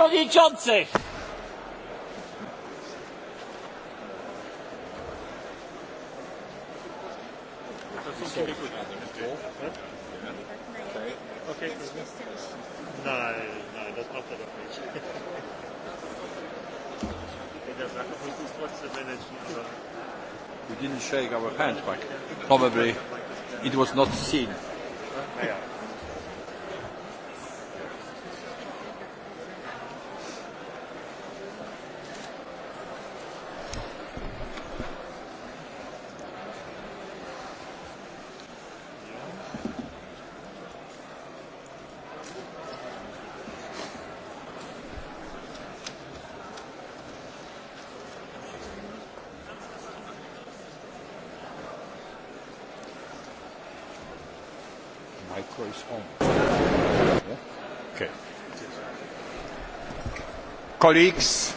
przewodniczący! Nein, nein, das macht er doch We didn't shake our hands, but probably it was not seen. micro is on. Yeah? Okay. Colleagues,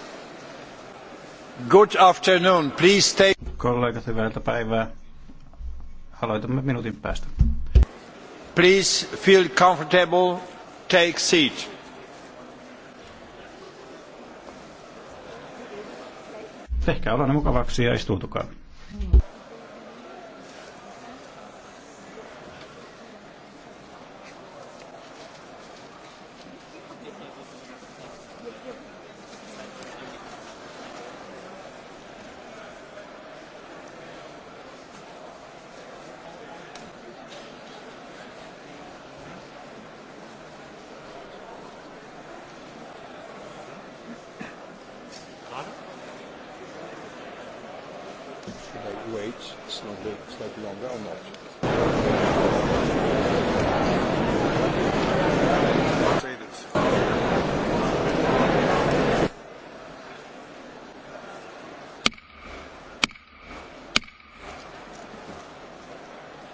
good afternoon. Please take... Kollegat, hyvää päivää. Aloitamme minuutin päästä. Please feel comfortable, take seat. Tehkää olonne mukavaksi ja istuutukaa. Mm. Should I wait slightly, slightly longer or not?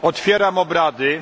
Otwieram obrady.